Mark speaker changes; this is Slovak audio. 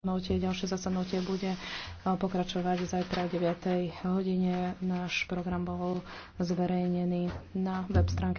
Speaker 1: Zasadnutie, ďalšie zasadnutie bude e, pokračovať zajtra o 9. hodine. Náš program bol zverejnený na web stránke.